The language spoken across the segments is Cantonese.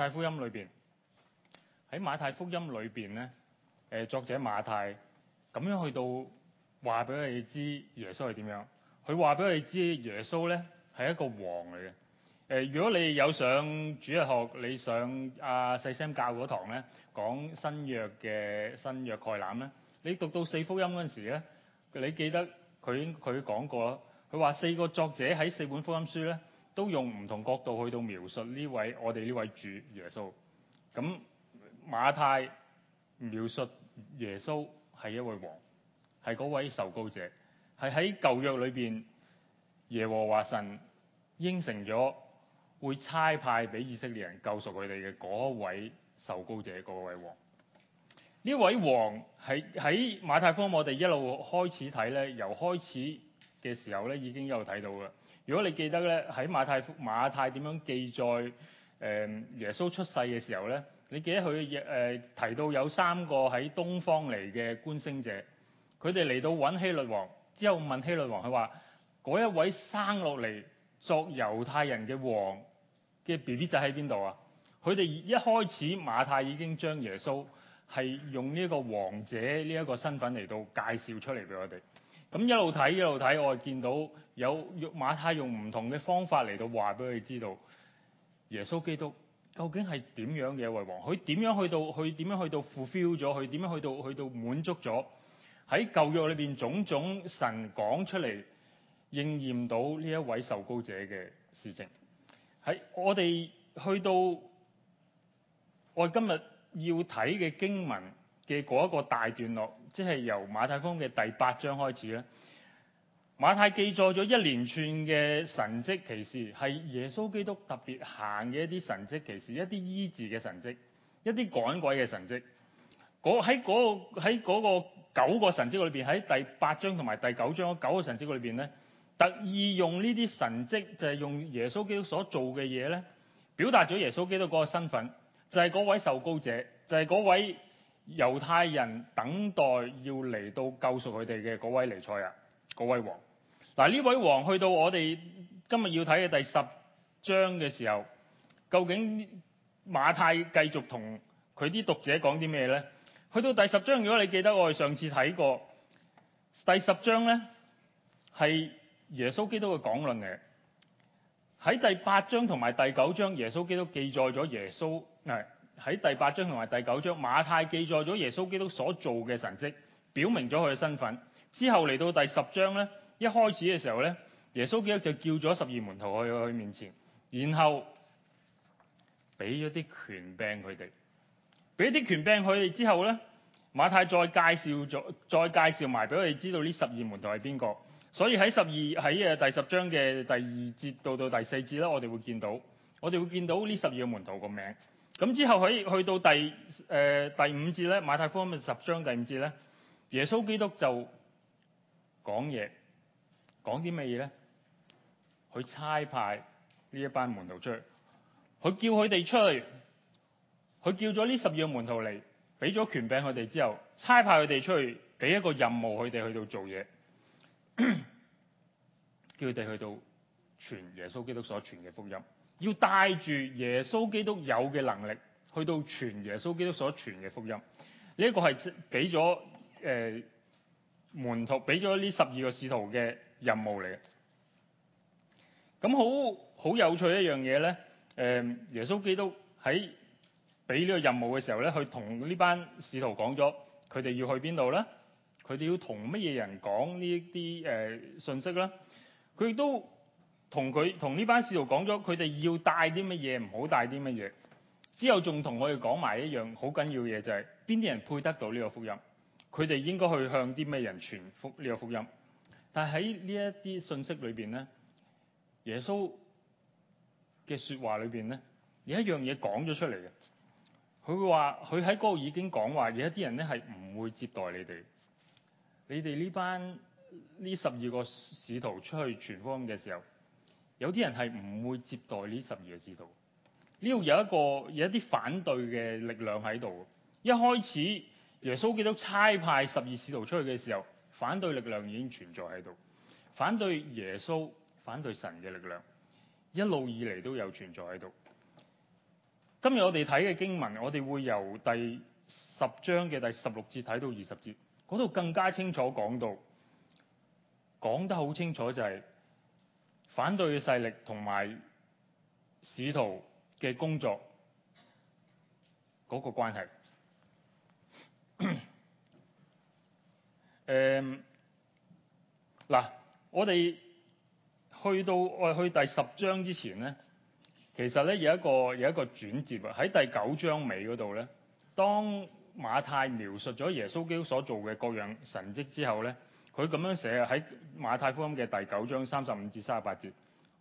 太福音裏邊喺馬太福音裏邊咧，誒，作者馬太咁樣去到話俾我哋知耶穌係點樣，佢話俾我哋知耶穌咧係一個王嚟嘅。誒，如果你有上主日學，你上阿細師母教嗰堂咧，講新約嘅新約概覽咧，你讀到四福音嗰陣時咧，你記得佢佢講過，佢話四個作者喺四本福音書咧。都用唔同角度去到描述呢位我哋呢位主耶穌。咁，馬太描述耶穌係一位王，係嗰位受膏者，係喺舊約裏邊耶和華神應承咗會差派俾以色列人救贖佢哋嘅嗰位受膏者，嗰位王。呢位王係喺馬太福音我哋一路開始睇咧，由開始嘅時候咧已經一路睇到嘅。如果你記得咧，喺馬太福馬太點樣記載耶穌出世嘅時候咧，你記得佢誒提到有三個喺東方嚟嘅觀星者，佢哋嚟到揾希律王之後，問希律王佢話：嗰一位生落嚟作猶太人嘅王嘅 B B 仔喺邊度啊？佢哋一開始，馬太已經將耶穌係用呢一個王者呢一個身份嚟到介紹出嚟俾我哋。咁一路睇一路睇，我見到有馬太用唔同嘅方法嚟到話俾佢知道，耶穌基督究竟係點樣嘅為王？佢點樣去到？佢點樣去到 fulfill 咗？佢點樣去到？去到滿足咗？喺舊約裏邊種種神講出嚟應驗到呢一位受膏者嘅事情。喺我哋去到我哋今日要睇嘅經文嘅一個大段落。即係由馬太福音嘅第八章開始咧，馬太記載咗一連串嘅神蹟奇事，係耶穌基督特別行嘅一啲神蹟奇事，一啲醫治嘅神蹟，一啲趕鬼嘅神蹟。喺嗰喺嗰個九個神蹟裏邊，喺第八章同埋第九章嗰九個神蹟裏邊咧，特意用呢啲神蹟，就係、是、用耶穌基督所做嘅嘢咧，表達咗耶穌基督嗰個身份，就係、是、嗰位受膏者，就係、是、嗰位。猶太人等待要嚟到救贖佢哋嘅嗰位彌賽亞，嗰位王。嗱，呢位王去到我哋今日要睇嘅第十章嘅時候，究竟馬太繼續同佢啲讀者講啲咩呢？去到第十章，如果你記得我哋上次睇過，第十章呢，係耶穌基督嘅講論嚟。喺第八章同埋第九章，耶穌基督記載咗耶穌係。喺第八章同埋第九章，馬太記載咗耶穌基督所做嘅神蹟，表明咗佢嘅身份。之後嚟到第十章呢，一開始嘅時候呢，耶穌基督就叫咗十二門徒去佢面前，然後俾咗啲權柄佢哋，俾啲權柄佢哋之後呢，馬太再介紹咗，再介紹埋俾佢哋知道呢十二門徒係邊個。所以喺十二喺誒第十章嘅第二節到到第四節咧，我哋會見到，我哋會見到呢十二個門徒個名。咁之後喺去到第誒、呃、第五節咧，馬太福音十章第五節咧，耶穌基督就講嘢，講啲咩嘢咧？去差派呢一班門徒出去，佢叫佢哋出去，佢叫咗呢十二個門徒嚟，俾咗權柄佢哋之後，差派佢哋出去，俾一個任務佢哋去到做嘢， 叫佢哋去到傳耶穌基督所傳嘅福音。要帶住耶穌基督有嘅能力去到傳耶穌基督所傳嘅福音，呢、這、一個係俾咗誒門徒俾咗呢十二個使徒嘅任務嚟嘅。咁好好有趣一樣嘢咧，誒、呃、耶穌基督喺俾呢個任務嘅時候咧，佢同呢班使徒講咗佢哋要去邊度啦，佢哋要同乜嘢人講呢啲誒信息啦，佢亦都。同佢同呢班使徒講咗，佢哋要帶啲乜嘢，唔好帶啲乜嘢。之後仲同我哋講埋一樣好緊要嘅嘢，就係邊啲人配得到呢個福音，佢哋應該去向啲咩人傳福呢個福音。但係呢一啲信息裏邊咧，耶穌嘅說話裏邊咧，有一樣嘢講咗出嚟嘅。佢會話，佢喺嗰度已經講話，有一啲人咧係唔會接待你哋。你哋呢班呢十二個使徒出去傳福音嘅時候。有啲人係唔會接待呢十二使徒，呢度有一個有一啲反對嘅力量喺度。一開始耶穌基督差派十二使徒出去嘅時候，反對力量已經存在喺度，反對耶穌、反對神嘅力量，一路以嚟都有存在喺度。今日我哋睇嘅經文，我哋會由第十章嘅第十六節睇到二十節，嗰度更加清楚講到，講得好清楚就係、是。反對勢力同埋使徒嘅工作嗰個關係。嗱、 嗯，我哋去到誒去第十章之前咧，其實咧，有一個有一個轉折啊！喺第九章尾嗰度咧，當馬太描述咗耶穌基督所做嘅各樣神蹟之後咧。佢咁樣寫啊，喺馬太福音嘅第九章三十五至三十八節，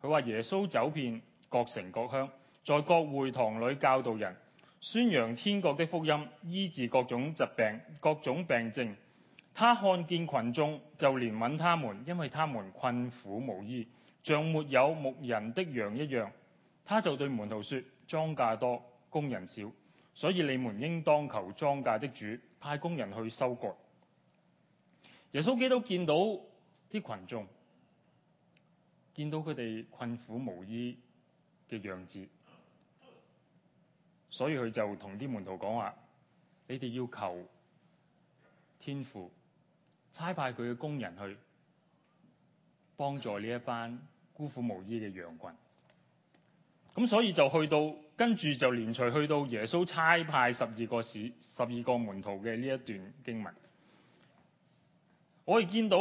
佢話耶穌走遍各城各鄉，在各會堂裏教導人，宣揚天國的福音，醫治各種疾病、各種病症。他看見群眾就憐憫他們，因為他們困苦無依，像沒有牧人的羊一樣。他就對門徒說：莊稼多，工人少，所以你們應當求莊稼的主派工人去收割。耶穌基督見到啲群眾，見到佢哋困苦無依嘅樣子，所以佢就同啲門徒講話，你哋要求天父差派佢嘅工人去幫助呢一班孤苦無依嘅羊群。咁所以就去到，跟住就連隨去到耶穌差派十二個使、十二個門徒嘅呢一段經文。我哋見到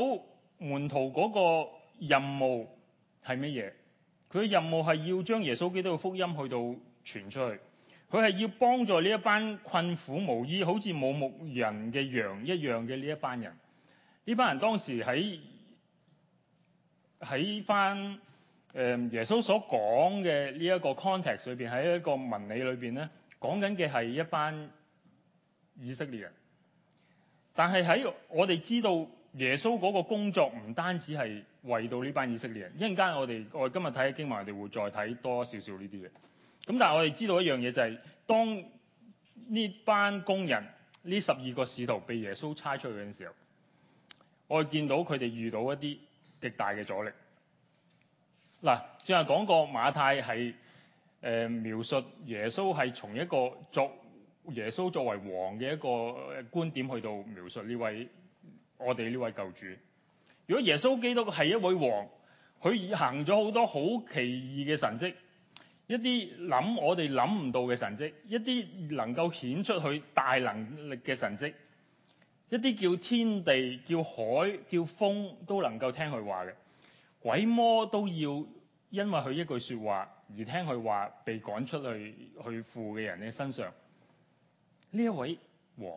門徒嗰個任務係乜嘢？佢嘅任務係要將耶穌基督嘅福音去到傳出去。佢係要幫助呢一班困苦無依、好似冇牧人嘅羊一樣嘅呢一班人。呢班人當時喺喺翻誒耶穌所講嘅呢一個 context 裏邊，喺一個文理裏邊咧，講緊嘅係一班以色列人。但係喺我哋知道。耶穌嗰個工作唔單止係為到呢班以色列人，一陣間我哋我今日睇經文，我哋會再睇多少少呢啲嘢。咁但係我哋知道一樣嘢就係、是，當呢班工人呢十二個使徒被耶穌差出去嘅時候，我見到佢哋遇到一啲極大嘅阻力。嗱，正話講過，馬太係誒、呃、描述耶穌係從一個作耶穌作為王嘅一個觀點去到描述呢位。我哋呢位救主，如果耶穌基督係一位王，佢行咗好多好奇異嘅神蹟，一啲諗我哋諗唔到嘅神蹟，一啲能夠顯出佢大能力嘅神蹟，一啲叫天地、叫海、叫風都能夠聽佢話嘅，鬼魔都要因為佢一句說話而聽佢話，被趕出去去富嘅人嘅身上，呢一位王。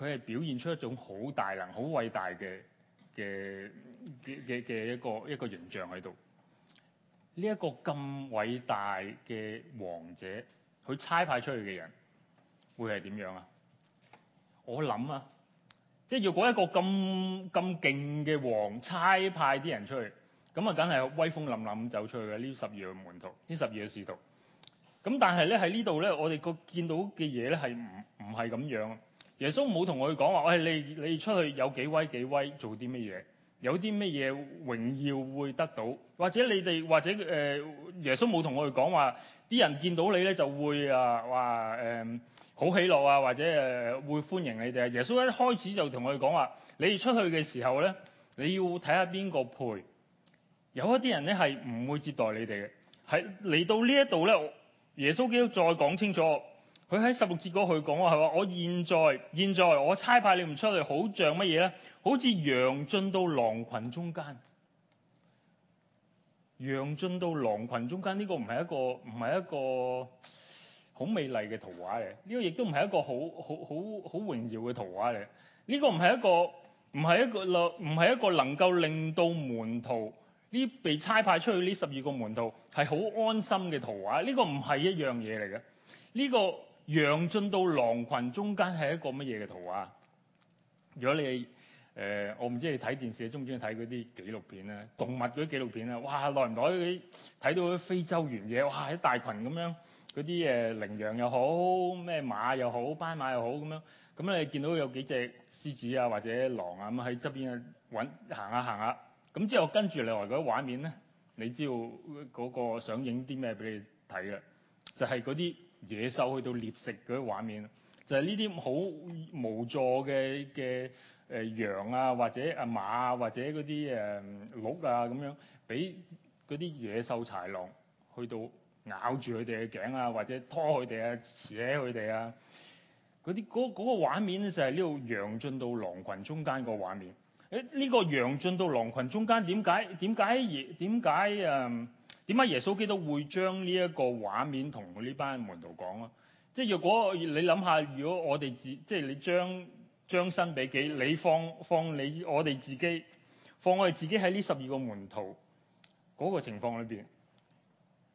佢係表現出一種好大能、好偉大嘅嘅嘅嘅一個一個形象喺度。呢一個咁偉大嘅王者，佢差派出去嘅人，會係點樣啊？我諗啊，即係如果一個咁咁勁嘅王差派啲人出去，咁啊梗係威風凛凜走出去嘅呢十二個門徒，呢十二個使徒。咁但係咧喺呢度咧，我哋個見到嘅嘢咧係唔唔係咁樣。耶穌冇同我哋講話，喂、哎、你你出去有幾威幾威，做啲乜嘢，有啲乜嘢榮耀會得到？或者你哋或者誒、呃、耶穌冇同我哋講話，啲人見到你咧就會啊話誒好喜樂啊，或者誒、呃、會歡迎你哋。耶穌一開始就同我哋講話，你哋出去嘅時候咧，你要睇下邊個陪。有一啲人咧係唔會接待你哋嘅。喺嚟到呢一度咧，耶穌基督再講清楚。佢喺十六節嗰佢講話，係話我現在現在我差派你唔出去，好像乜嘢咧？好似羊進到狼群中間，羊進到狼群中間呢個唔係一個唔係一個好美麗嘅圖畫嚟，呢個亦都唔係一個好好好好榮耀嘅圖畫嚟，呢個唔係一個唔係一個能唔係一個能夠令到門徒呢被差派出去呢十二個門徒係好安心嘅圖畫，呢個唔係一樣嘢嚟嘅，呢個。羊進到狼群中間係一個乜嘢嘅圖畫？如果你誒、呃，我唔知你睇電視中唔中意睇嗰啲紀錄片啦，動物嗰啲紀錄片啦，哇！耐唔耐嗰啲睇到啲非洲原野，哇！一大群咁樣嗰啲誒羚羊又好，咩馬又好，斑馬又好咁樣，咁你見到有幾隻獅子啊或者狼啊咁喺側邊啊揾行下行下，咁之後跟住你來嗰啲畫面咧，你知道嗰個想影啲咩俾你睇嘅，就係嗰啲。野獸去到獵食嗰啲畫面，就係呢啲好無助嘅嘅誒羊啊，或者啊馬啊，或者嗰啲誒鹿啊咁樣，俾嗰啲野獸豺狼去到咬住佢哋嘅頸啊，或者拖佢哋啊，扯佢哋啊，嗰啲嗰嗰個畫面咧就係呢度羊進到狼群中間個畫面。誒、欸、呢、呢個羊進到狼群中間點解？點解而點解誒？點解耶穌基督會將呢一個畫面同佢呢班門徒講咯？即係若果你諗下，如果我哋自即係你將將身比己，你放放你我哋自己，放我哋自己喺呢十二個門徒嗰個情況裏邊，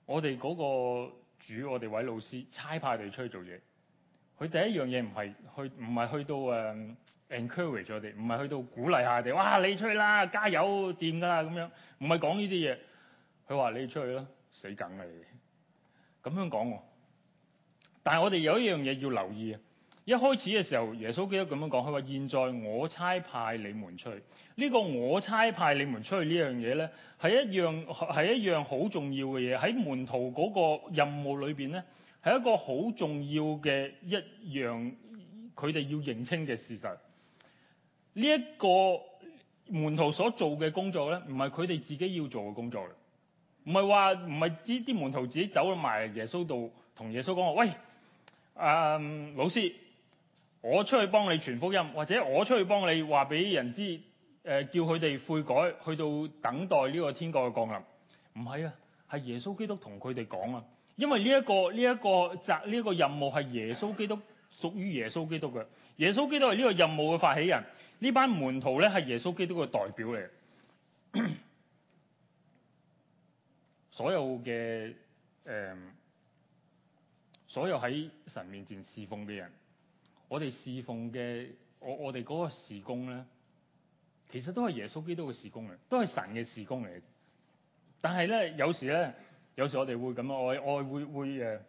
我哋嗰個主，我哋位老師差派佢出去做嘢，佢第一樣嘢唔係去唔係去到誒 encourage 我哋，唔係去到鼓勵下我哋，哇你出去啦，加油掂㗎啦咁樣，唔係講呢啲嘢。佢話你出去啦，死梗啊！你咁樣講，但係我哋有一樣嘢要留意啊。一開始嘅時候，耶穌基督咁樣講，佢話：現在我差派你們出去。呢個我差派你們出去呢樣嘢呢，係一樣係一樣好重要嘅嘢。喺門徒嗰個任務裏邊呢，係一個好重要嘅一樣，佢哋要認清嘅事實。呢一個門徒所做嘅工作呢，唔係佢哋自己要做嘅工作。唔係話唔係啲啲門徒自己走埋耶穌度，同耶穌講話：喂，誒、呃、老師，我出去幫你傳福音，或者我出去幫你話俾人知，誒、呃、叫佢哋悔改，去到等待呢個天國嘅降臨。唔係啊，係耶穌基督同佢哋講啊，因為呢、呢、一個呢一、呢個責呢一個任務係耶穌基督屬於耶穌基督嘅，耶穌基督係呢個任務嘅發起人，呢班門徒咧係耶穌基督嘅代表嚟。 所有嘅誒、呃，所有喺神面前侍奉嘅人，我哋侍奉嘅我我哋嗰個事工咧，其實都係耶穌基督嘅事工嚟，都係神嘅事工嚟。但係咧，有時咧，有時我哋會咁樣，我我會會誒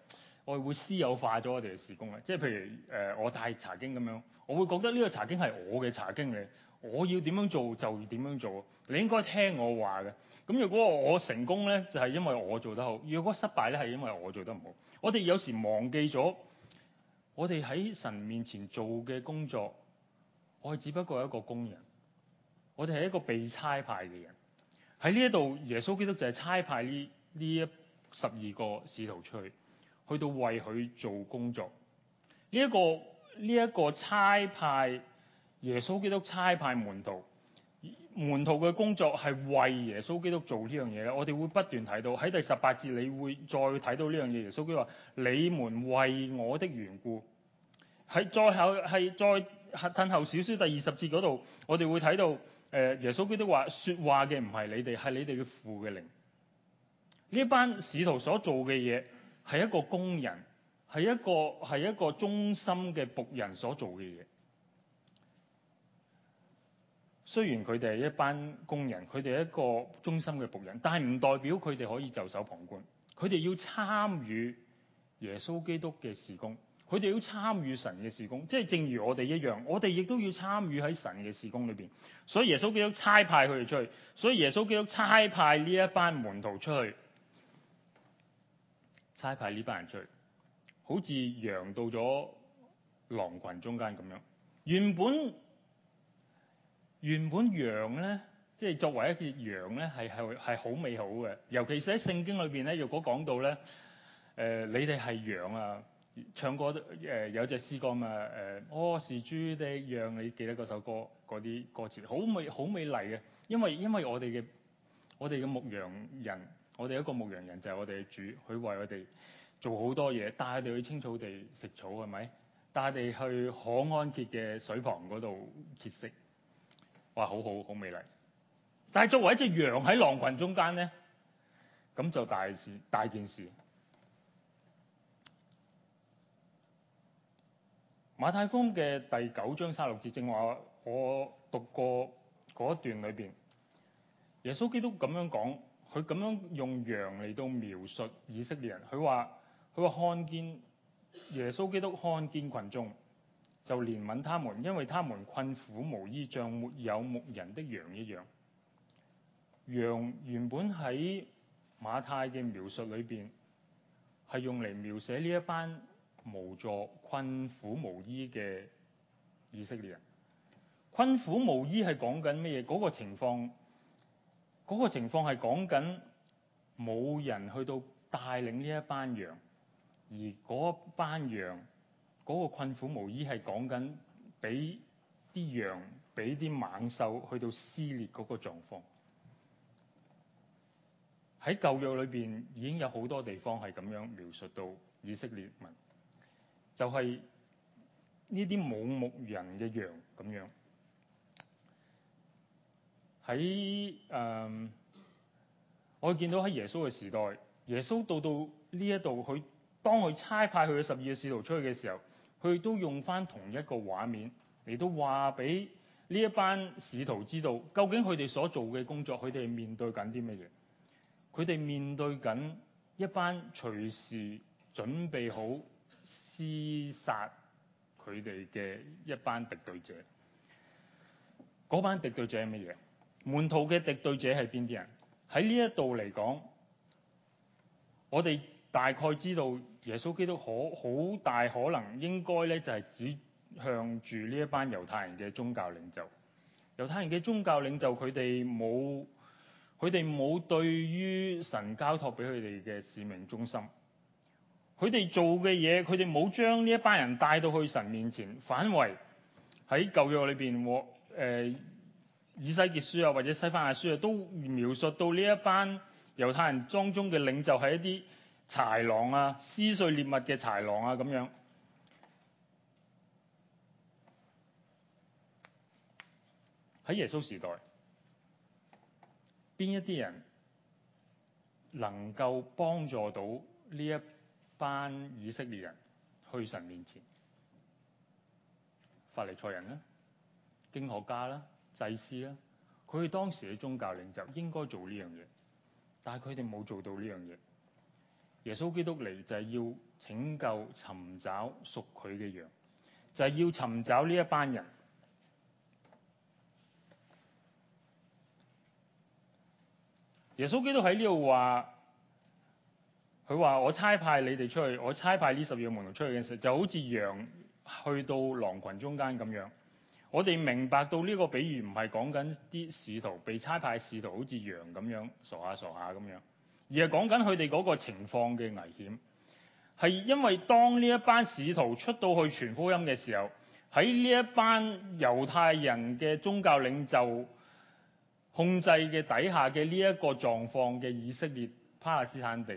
我會私有化咗我哋嘅事工嘅，即係譬如誒、呃、我帶茶經咁樣，我會覺得呢個茶經係我嘅茶經嚟，我要點樣做就要點樣做，你應該聽我話嘅。咁如果我成功咧，就係、是、因為我做得好；若果失敗咧，係因為我做得唔好。我哋有時忘記咗，我哋喺神面前做嘅工作，我哋只不過係一個工人，我哋係一個被差派嘅人。喺呢一度，耶穌基督就係差派呢呢一十二個使徒出去，去到為佢做工作。呢、這、一個呢一、這個差派，耶穌基督差派門徒。門徒嘅工作係為耶穌基督做呢樣嘢咧，我哋會不斷睇到喺第十八節，你會再睇到呢樣嘢。耶穌基督話：你們為我的緣故，喺再後係再褪後少少，第二十節嗰度，我哋會睇到，誒、呃，耶穌基督話：說話嘅唔係你哋，係你哋嘅父嘅靈。呢班使徒所做嘅嘢係一個工人，係一個係一個忠心嘅僕人所做嘅嘢。雖然佢哋係一班工人，佢哋係一個忠心嘅僕人，但係唔代表佢哋可以袖手旁觀。佢哋要參與耶穌基督嘅事工，佢哋要參與神嘅事工。即係正如我哋一樣，我哋亦都要參與喺神嘅事工裏邊。所以耶穌基督差派佢哋出去，所以耶穌基督差派呢一班門徒出去，差派呢班人出去，好似羊到咗狼群中間咁樣。原本原本羊咧，即係作為一隻羊咧，係係係好美好嘅。尤其是喺聖經裏邊咧，若果講到咧，誒、呃、你哋係羊啊，唱、呃、歌誒有隻詩歌啊誒，我是主的羊，你記得首歌啲歌詞好美好美麗嘅。因為因為我哋嘅我哋嘅牧羊人，我哋一個牧羊人就係我哋嘅主，佢為我哋做好多嘢，帶佢哋去青草地食草，係咪？帶佢哋去可安歇嘅水旁度歇息。哇，好好好美麗，但係作為一隻羊喺狼群中間咧，咁就大事大件事。馬太福音嘅第九章三六節正話我，我讀過一段裏邊，耶穌基督咁樣講佢咁樣用羊嚟到描述以色列人。佢話佢話，看見耶穌基督看見群眾。就憐憫他們，因為他們困苦無依，像沒有牧人的羊一樣。羊原本喺馬太嘅描述裏邊，係用嚟描寫呢一班無助、困苦無依嘅以色列人。困苦無依係講緊咩嘢？嗰個情況，嗰個情況係講緊冇人去到帶領呢一班羊，而嗰一班羊。嗰個困苦無依係講緊俾啲羊俾啲猛獸去到撕裂個狀況。喺舊約裏邊已經有好多地方係咁樣描述到以色列民，就係呢啲冇牧人嘅羊咁樣。喺誒、嗯，我見到喺耶穌嘅時代，耶穌到到呢一度，佢當佢差派佢嘅十二個使徒出去嘅時候。佢都用翻同一個畫面，嚟都話俾呢一班使徒知道，究竟佢哋所做嘅工作，佢哋面對緊啲乜嘢？佢哋面對緊一班隨時準備好廝殺佢哋嘅一班敵對者。嗰班敵對者係乜嘢？門徒嘅敵對者係邊啲人？喺呢一度嚟講，我哋大概知道。耶穌基督可好大可能應該咧就係、是、指向住呢一班猶太人嘅宗教領袖。猶太人嘅宗教領袖，佢哋冇佢哋冇對於神交託俾佢哋嘅使命忠心。佢哋做嘅嘢，佢哋冇將呢一班人帶到去神面前。反為喺舊約裏邊，和以西結書啊，或者西番雅書啊，都描述到呢一班猶太人當中嘅領袖係一啲，豺狼啊，撕碎獵物嘅豺狼啊，咁樣。喺耶穌時代，邊一啲人能夠幫助到呢一班以色列人去神面前？法利賽人啦、啊，經學家啦、啊，祭司啦、啊，佢哋當時嘅宗教領袖應該做呢樣嘢，但係佢哋冇做到呢樣嘢。耶穌基督嚟就係要拯救、尋找屬佢嘅羊，就係要尋找呢一班人。耶穌基督喺呢度話，佢話我差派你哋出去，我差派呢十二個門徒出去嘅時候，就好似羊去到狼群中間咁樣。我哋明白到呢個比喻唔係講緊啲使徒被差派，使徒好似羊咁樣傻下傻下咁樣。傻啊傻啊啊而係講緊佢哋個情況嘅危險，係因為當呢一班使徒出到去傳福音嘅時候，喺呢一班猶太人嘅宗教領袖控制嘅底下嘅呢一個狀況嘅以色列、巴勒斯坦地，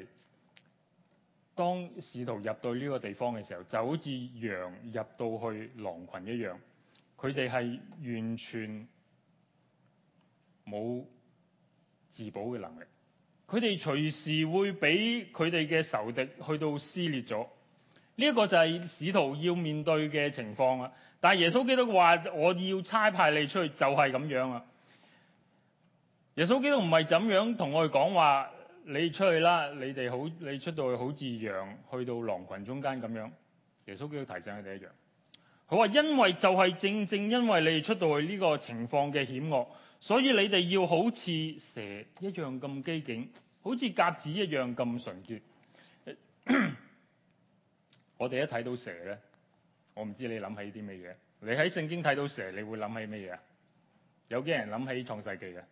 當使徒入到呢個地方嘅時候，就好似羊入到去狼群一樣，佢哋係完全冇自保嘅能力。佢哋隨時會俾佢哋嘅仇敵去到撕裂咗，呢一個就係使徒要面對嘅情況啦。但係耶穌基督話：我要差派你出去，你出去，就係咁樣啊！耶穌基督唔係怎樣同我哋講話，你出去啦，你哋好，你出到去好似羊，去到狼群中間咁樣。耶穌基督提醒佢哋一樣，佢話：因為就係正正因為你哋出到去呢個情況嘅險惡。所以你哋要好似蛇一樣咁機警，好似鴿子一樣咁純潔。 我哋一睇到蛇咧，我唔知你諗起啲乜嘢。你喺聖經睇到蛇，你會諗起乜嘢啊？有幾人諗起創世記嘅，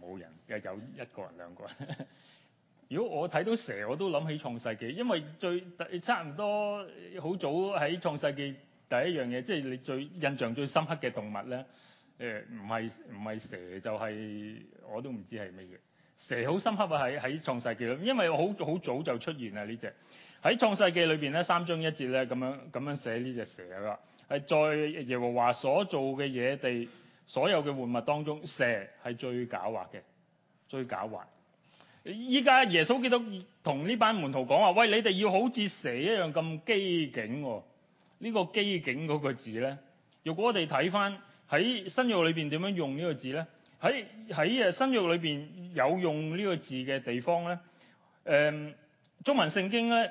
冇人，又有一個人、兩個人。 如果我睇到蛇，我都諗起創世記，因為最差唔多好早喺創世記第一樣嘢，即係你最印象最深刻嘅動物咧。誒唔係唔係蛇，就係、是，我都唔知係乜嘢蛇，好深刻啊！喺喺創世記啦，因為好好早就出現啦呢隻喺創世記裏邊咧，三章一節咧咁樣咁樣寫呢隻蛇啦。係在耶和華所做嘅野地，所有嘅活物當中，蛇係最狡猾嘅，最狡猾。依家耶穌基督同呢班門徒講話，喂，你哋要好似蛇一樣咁機警喎。呢、這個機警嗰個字咧，如果我哋睇翻。喺新約裏邊點樣用呢個字呢？喺喺誒新約裏邊有用呢個字嘅地方呢？誒、嗯、中文聖經呢，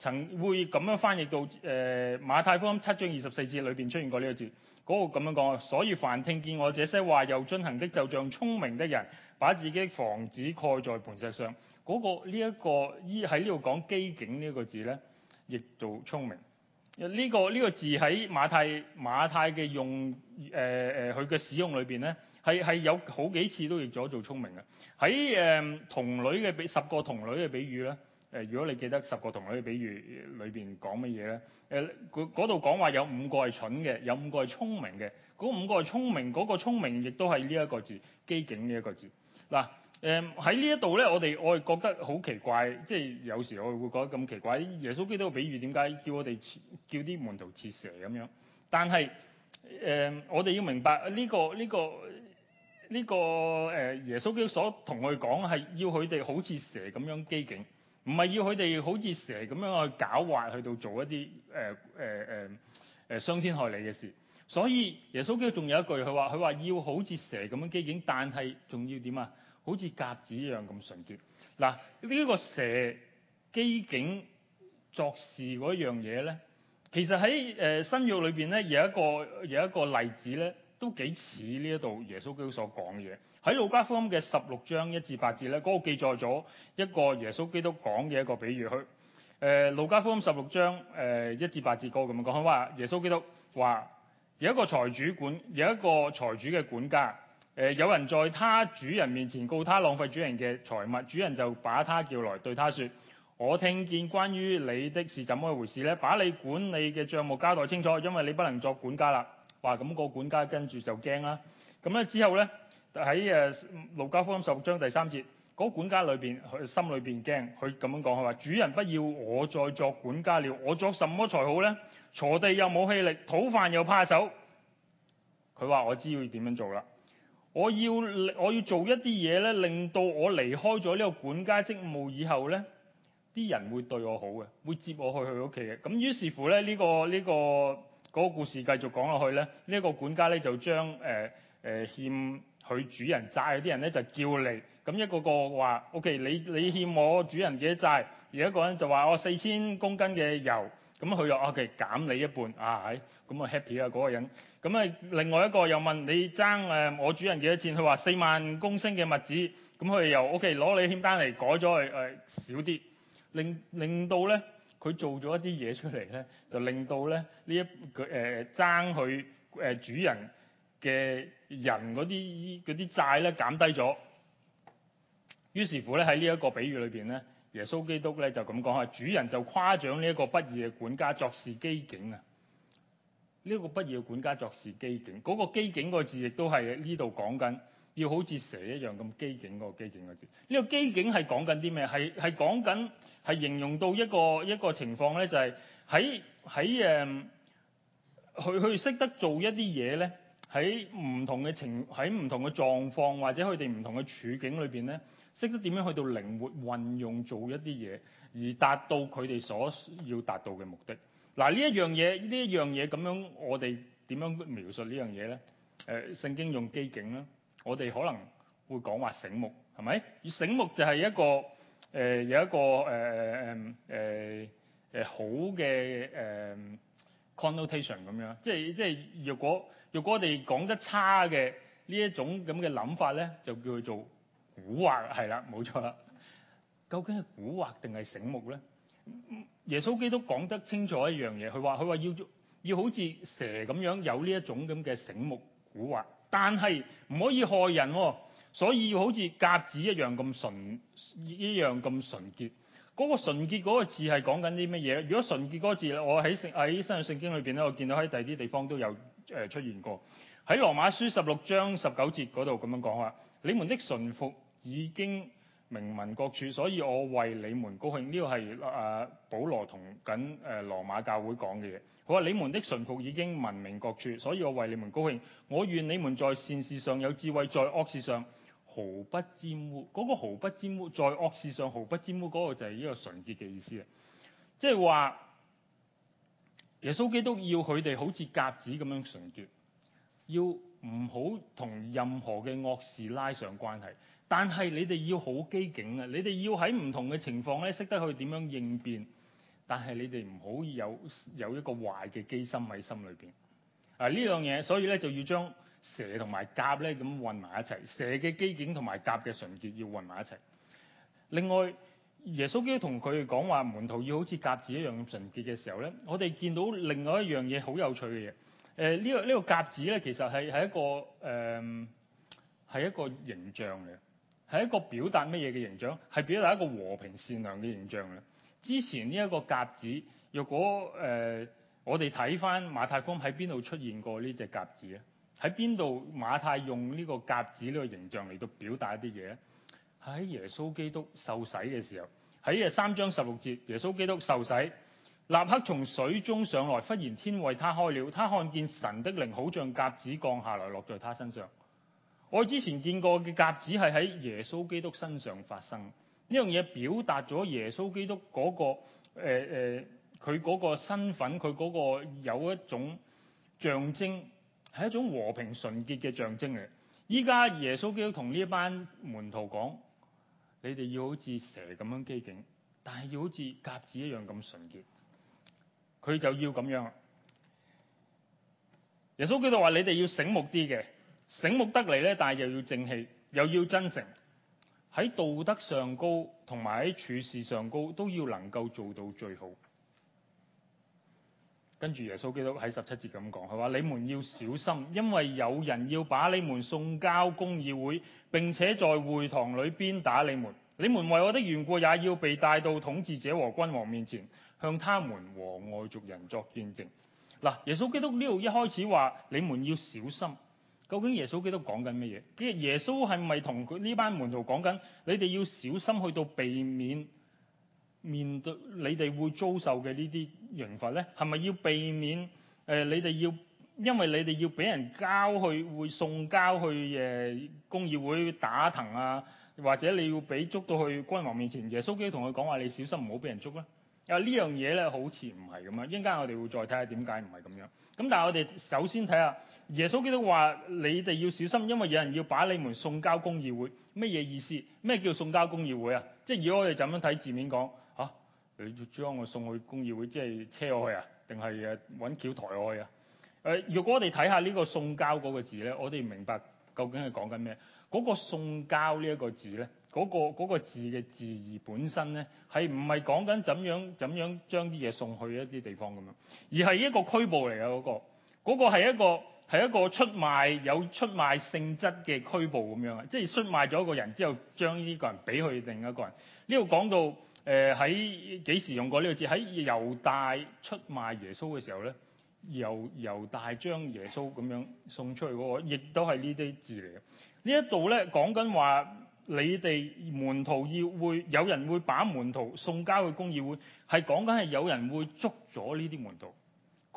曾會咁樣翻譯到誒、呃、馬太福音七章二十四節裏邊出現過呢個字。嗰、那個咁樣講，所以凡聽見我這些話又遵行的，就像聰明的人，把自己的房子蓋在磐石上。嗰、那個呢一、這個依喺呢度講機警呢個字呢，亦做聰明。呢、這個呢、這個字喺馬太馬太嘅用誒誒佢嘅使用裏邊咧，係係有好幾次都譯咗做聰明嘅。喺誒童女嘅比十個童女嘅比喻咧，誒、呃、如果你記得十個童女嘅比喻裏邊講乜嘢咧？誒嗰度講話有五個係蠢嘅，有五個係聰明嘅。嗰五個係聰明，嗰、那個聰明亦都係呢一個字機警呢一個字嗱。誒喺、嗯、呢一度咧，我哋我哋覺得好奇怪，即係有時我會覺得咁奇怪。耶穌基督嘅比喻點解叫我哋叫啲門徒似蛇咁樣？但係誒、嗯，我哋要明白呢、這個呢、這個呢、這個誒、呃，耶穌基督所同我哋講係要佢哋好似蛇咁樣機警，唔係要佢哋好似蛇咁樣去狡猾去到做一啲誒誒誒誒傷天害理嘅事。所以耶穌基督仲有一句，佢話佢話要好似蛇咁樣機警，但係仲要點啊？好似鴿子一樣咁純潔。嗱，呢、這個蛇機警作事嗰樣嘢咧，其實喺誒、呃、新約裏邊咧有一個有一,一個例子咧，都幾似呢一度耶穌基督所講嘅嘢。喺路加福音嘅十六章一至八節咧，嗰、那個記載咗一個耶穌基督講嘅一個比喻。佢、呃、誒路加福音十六章誒一至八節嗰個咁樣講，佢話耶穌基督話有一個財主管有一個財主嘅管家。誒有人在他主人面前告他浪費主人嘅財物，主人就把他叫來對他說：“我聽見關於你的事怎麼一回事呢？把你管理嘅賬目交代清楚，因為你不能作管家啦。話，咁個管家跟住就驚啦。咁咧之後呢，喺誒路加福音十六章第三節，嗰、那個、管家裏邊佢心裏邊驚，佢咁樣講：「佢話主人不要我再作管家了，我作什麼才好呢？鋤地又冇氣力，討飯又怕手。佢話：「我知要點樣做啦。我要我要做一啲嘢咧，令到我離開咗呢個管家職務以後咧，啲人會對我好嘅，會接我去佢屋企嘅。咁於是乎咧，呢個呢個嗰個故事繼續講落去咧，呢個管家咧就將誒誒欠佢主人債嗰啲人咧就叫嚟，咁一個個話：O K，你你欠我主人幾多債？而一個人就話：我四千公斤嘅油，咁佢又 O K，減你一半，啊係，咁啊 happy 啊嗰個人。咁啊，另外一個又問你爭誒我主人幾多錢？佢話，四萬公升嘅物資，咁佢又 O K 攞你欠單嚟改咗去誒少啲，令令到咧佢做咗一啲嘢出嚟咧，就令到咧呢一佢誒爭佢誒主人嘅人嗰啲嗰啲債咧減低咗。於是乎咧喺呢一個比喻裏邊咧，耶穌基督咧就咁講嚇，主人就誇獎呢一個不義嘅管家作事機警啊！呢個不要管家作事機警，嗰個機警個字亦都係呢度講緊，要好似蛇一樣咁機警嗰個機警個字。呢個機警係講緊啲咩？係係講緊係形容到一個一個情況咧，就係喺喺誒，佢佢識得做一啲嘢咧，喺唔同嘅情喺唔同嘅狀況或者佢哋唔同嘅處境裏邊咧，識得點樣去到靈活運用做一啲嘢，而達到佢哋所要達到嘅目的。嗱，呢一樣嘢，呢一樣嘢，咁樣我哋點樣描述呢樣嘢咧？誒、呃、聖經用機警啦，我哋可能會講話醒目，係咪？而醒目就係一個誒、呃、有一個誒誒誒誒好嘅、誒、呃、connotation 咁樣，即係即係若果若果我哋講得差嘅呢一種咁嘅諗法咧，就叫做蠱惑係啦，冇錯啦，究竟係蠱惑定係醒目咧？耶穌基督講得清楚一樣嘢，佢話佢話要要好似蛇咁樣有呢一種咁嘅醒目古惑，但係唔可以害人喎、哦，所以要好似鴿子一樣咁純一樣咁純潔。嗰、那個純潔嗰個字係講緊啲乜嘢？如果純潔嗰個字，我喺聖喺新約聖經裏邊咧，我見到喺第二啲地方都有誒出現過。喺羅馬書十六章十九節嗰度咁樣講話，你們的順服已經。聞名各處，所以我為你們高興。呢、這個係啊保羅同緊誒羅馬教會講嘅嘢。佢話：你們的順服已經聞名各處，所以我為你們高興。我願你們在善事上有智慧，在惡事上毫不沾污。嗰、那個毫不沾污，在惡事上毫不沾污嗰個就係呢個純潔嘅意思啊！即係話，耶穌基督要佢哋好似鴿子咁樣純潔，要唔好同任何嘅惡事拉上關係。但係你哋要好機警啊！你哋要喺唔同嘅情況咧，識得去點樣應變。但係你哋唔好有有一個壞嘅機心喺心裏邊。啊，呢樣嘢，所以咧就要將蛇同埋鴿咧咁混埋一齊，蛇嘅機警同埋鴿嘅純潔要混埋一齊。另外，耶穌基督同佢講話門徒要好似鴿子一樣咁純潔嘅時候咧，我哋見到另外一樣嘢好有趣嘅嘢。誒，呢個呢個鴿子咧，其實係係一個誒係一個形象嚟嘅。係一個表達乜嘢嘅形象？係表達一個和平善良嘅形象啦。之前呢一個鴿子，若果誒、呃、我哋睇翻馬太福音喺邊度出現過呢隻鴿子咧？喺邊度馬太用呢個鴿子呢個形象嚟到表達一啲嘢咧？喺耶穌基督受洗嘅時候，喺三章十六節，耶穌基督受洗，立刻從水中上來，忽然天為他開了，他看見神的靈好像鴿子降下來落在他身上。我之前見過嘅鴿子係喺耶穌基督身上發生呢樣嘢，表達咗耶穌基督嗰個誒誒佢嗰個身份，佢嗰個有一種象徵，係一種和平純潔嘅象徵嚟。依家耶穌基督同呢一班門徒講，你哋要好似蛇咁樣機警，但係要好似鴿子一樣咁純潔。佢就要咁樣。耶穌基督話：你哋要醒目啲嘅。醒目得嚟咧，但係又要正氣，又要真誠，喺道德上高，同埋喺處事上高，都要能夠做到最好。跟住耶穌基督喺十七節咁講，係話，你們要小心，因為有人要把你們送交公議會，並且在會堂裏邊打你們。你們為我的緣故，也要被帶到統治者和君王面前，向他們和外族人作見證。嗱，耶穌基督呢度一開始話，你們要小心。究竟耶穌基督講緊乜嘢？即係耶穌係咪同佢呢班門徒講緊？你哋要小心去到避免面對你哋會遭受嘅呢啲刑罰咧？係咪要避免？誒、呃，你哋要因為你哋要俾人交去，會送交去誒、呃、公義會打藤啊？或者你要俾捉到去君王面前？耶穌基督同佢講話：你小心唔好俾人捉啦！啊、呃，這個、呢樣嘢咧好似唔係咁樣！一陣間我哋會再睇下點解唔係咁樣。咁但係我哋首先睇下。耶穌基督話：你哋要小心，因為有人要把你們送交公議會。乜嘢意思？咩叫送交公議會啊？即係如果我哋就咁樣睇字面講吓、啊，你將我送去公議會，即係車我去啊？定係誒搵轎抬我去啊？誒、呃，若果我哋睇下呢個送交嗰個字咧，我哋明白究竟係講緊咩？嗰、嗰個送交呢一個字咧，嗰、嗰個、嗰個字嘅字義本身咧，係唔係講緊怎樣怎樣將啲嘢送去一啲地方咁樣？而係一個拘捕嚟嘅嗰個，嗰個係一個。係一個出賣有出賣性質嘅拘捕咁樣啊，即係出賣咗一個人之後，將呢個人俾佢另一個人。呢度講到誒喺幾時用過呢個字？喺猶大出賣耶穌嘅時候咧，猶猶大將耶穌咁樣送出去嗰個，亦都係呢啲字嚟嘅。呢一度咧，講緊話，你哋門徒要會有人會把門徒送交去公議會，係講緊係有人會捉咗呢啲門徒，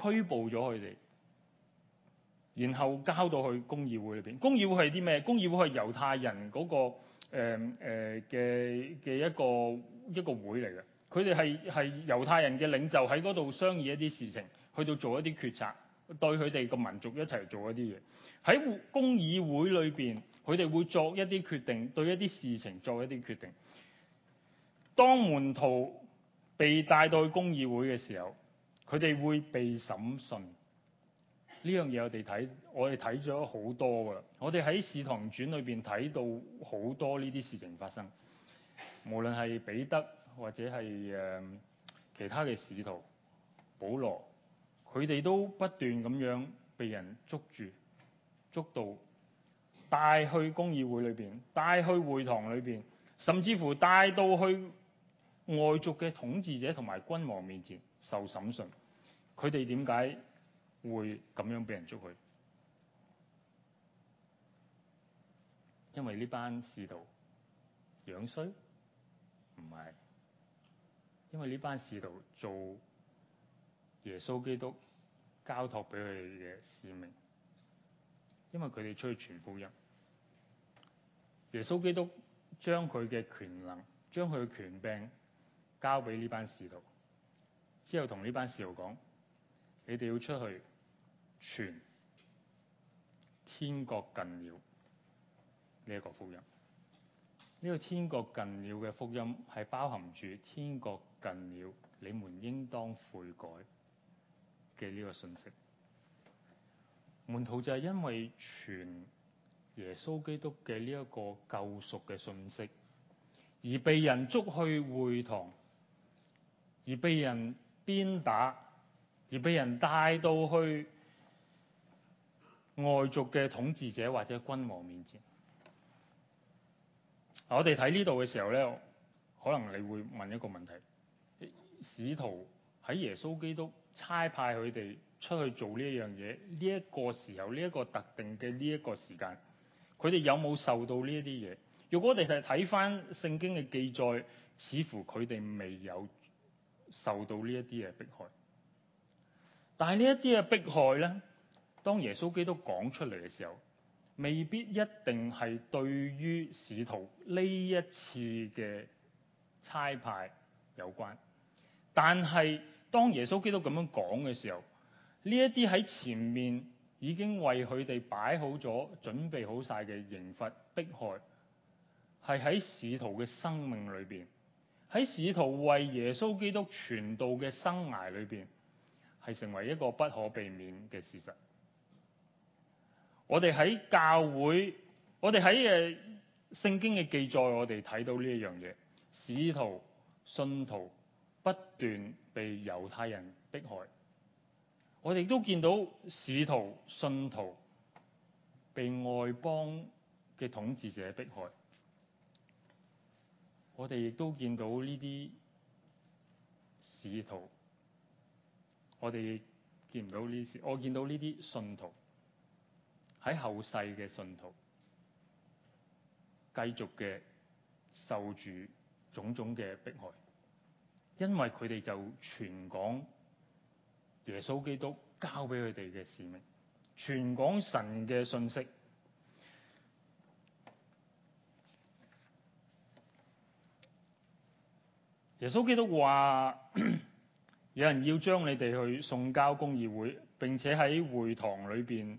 拘捕咗佢哋。然後交到去公議會裏邊，公議會係啲咩？公議會係猶太人嗰個誒誒嘅嘅一個一個會嚟嘅，佢哋係係猶太人嘅領袖喺嗰度商議一啲事情，去到做一啲決策，對佢哋個民族一齊做一啲嘢。喺公議會裏邊，佢哋會作一啲決定，對一啲事情作一啲決定。當門徒被帶到去公議會嘅時候，佢哋會被審訊。呢樣嘢我哋睇，我哋睇咗好多噶。我哋喺《使堂行傳》裏邊睇到好多呢啲事情發生，無論係彼得或者係誒、呃、其他嘅使徒、保羅，佢哋都不斷咁樣被人捉住，捉到帶去公議會裏邊，帶去會堂裏邊，甚至乎帶到去外族嘅統治者同埋君王面前受審訊。佢哋點解會咁樣俾人捉去，因為呢班使徒樣衰？唔係，因為呢班使徒做耶穌基督交託俾佢哋嘅使命，因為佢哋出去傳福音，耶穌基督將佢嘅權能、將佢嘅權柄交俾呢班使徒，之後同呢班使徒講：「你哋要出去。傳天國近了呢一個福音，呢個天國近了嘅福音係包含住天國近了，你們應當悔改嘅呢個信息。門徒就係因為傳耶穌基督嘅呢一個救贖嘅信息，而被人捉去會堂，而被人鞭打，而被人帶到去。外族嘅統治者或者君王面前，我哋睇呢度嘅時候咧，可能你會問一個問題：使徒喺耶穌基督差派佢哋出去做呢一樣嘢，呢一個時候，呢一個特定嘅呢一個時間，佢哋有冇受到呢一啲嘢？如果我哋係睇翻聖經嘅記載，似乎佢哋未有受到呢一啲嘅迫害。但係呢一啲嘅迫害咧。當耶穌基督講出嚟嘅時候，未必一定係對於使徒呢一次嘅差派有關，但係當耶穌基督咁樣講嘅時候，呢一啲喺前面已經為佢哋擺好咗，準備好晒嘅刑罰逼害，係喺使徒嘅生命裏邊，喺使徒為耶穌基督傳道嘅生涯裏邊，係成為一個不可避免嘅事實。我哋喺教會，我哋喺誒聖經嘅記載，我哋睇到呢一樣嘢，使徒、信徒不斷被猶太人迫害。我哋都見到使徒、信徒被外邦嘅統治者迫害。我哋亦都見到呢啲使徒，我哋見唔到呢啲，我見到呢啲信徒，喺後世嘅信徒繼續嘅受住種種嘅迫害，因為佢哋就傳講耶穌基督交俾佢哋嘅使命，傳講神嘅信息。耶穌基督話： 有人要將你哋去送交公義會，並且喺會堂裏邊，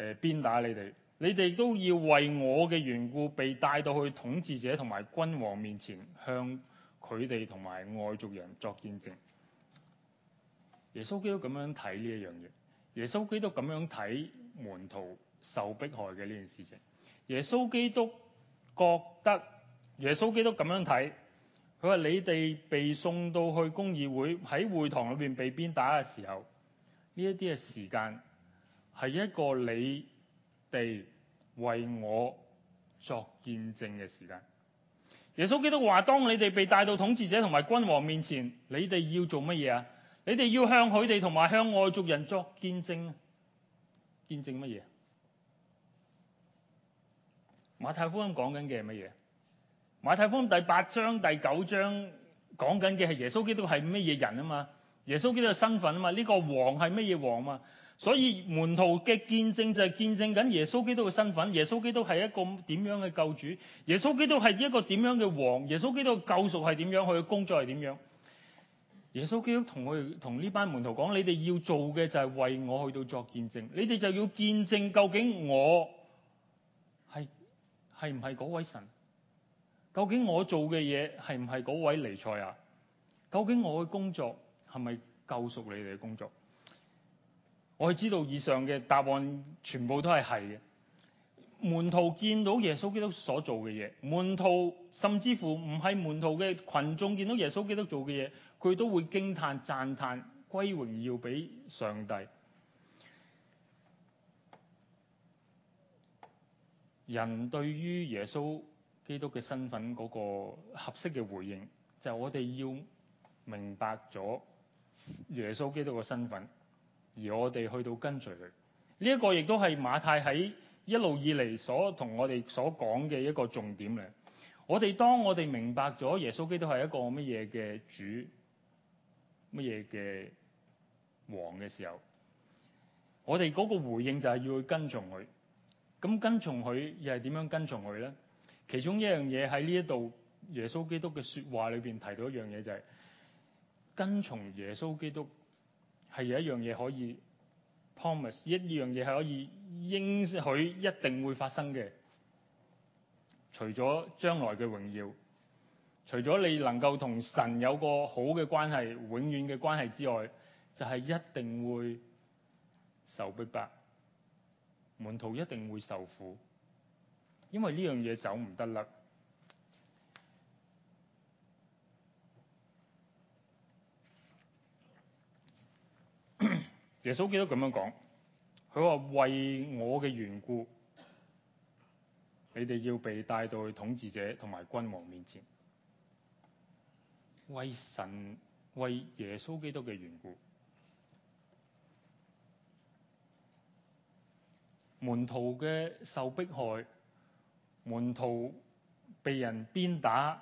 誒鞭打你哋，你哋都要為我嘅緣故被帶到去統治者同埋君王面前，向佢哋同埋外族人作見證。耶穌基督咁樣睇呢一樣嘢，耶穌基督咁樣睇門徒受迫害嘅呢件事情，耶穌基督覺得，耶穌基督咁樣睇，佢話你哋被送到去公議會，喺會堂裏邊被鞭打嘅時候，呢一啲嘅時間。係一個你哋為我作見證嘅時間。耶穌基督話：當你哋被帶到統治者同埋君王面前，你哋要做乜嘢啊？你哋要向佢哋同埋向外族人作見證，見證乜嘢？馬太福音講緊嘅係乜嘢？馬太福音第八章第九章講緊嘅係耶穌基督係乜嘢人啊嘛？耶穌基督嘅身份啊嘛？呢個王係乜嘢王嘛？所以門徒嘅見證就係見證緊耶穌基督嘅身份，耶穌基督係一個點樣嘅救主，耶穌基督係一個點樣嘅王，耶穌基督救贖係點樣，佢嘅工作係點樣。耶穌基督同我哋同呢班門徒講：你哋要做嘅就係為我去到作見證，你哋就要見證究竟我係係唔係位神？究竟我做嘅嘢係唔係位彌賽亞？究竟我嘅工作係咪救贖你哋嘅工作？我哋知道以上嘅答案全部都係係嘅。門徒見到耶穌基督所做嘅嘢，門徒甚至乎唔係門徒嘅群眾見到耶穌基督做嘅嘢，佢都會驚嘆讚嘆，歸榮耀俾上帝。人對於耶穌基督嘅身份嗰個合適嘅回應，就是，我哋要明白咗耶穌基督嘅身份。而我哋去到跟隨佢，呢一個亦都係馬太喺一路以嚟所同我哋所講嘅一個重點咧。我哋當我哋明白咗耶穌基督係一個乜嘢嘅主，乜嘢嘅王嘅時候，我哋嗰個回應就係要去跟從佢。咁跟從佢又係點樣跟從佢咧？其中一樣嘢喺呢一度耶穌基督嘅說話裏邊提到一樣嘢就係跟從耶穌基督。係有一樣嘢可以 promise，一樣嘢係可以應許一定會發生嘅。除咗將來嘅榮耀，除咗你能夠同神有個好嘅關係、永遠嘅關係之外，就係、是、一定會受逼迫，門徒一定會受苦，因為呢樣嘢走唔得啦。耶穌基督咁樣講，佢話為我嘅緣故，你哋要被帶到去統治者同埋君王面前，為神、為耶穌基督嘅緣故，門徒嘅受迫害，門徒被人鞭打，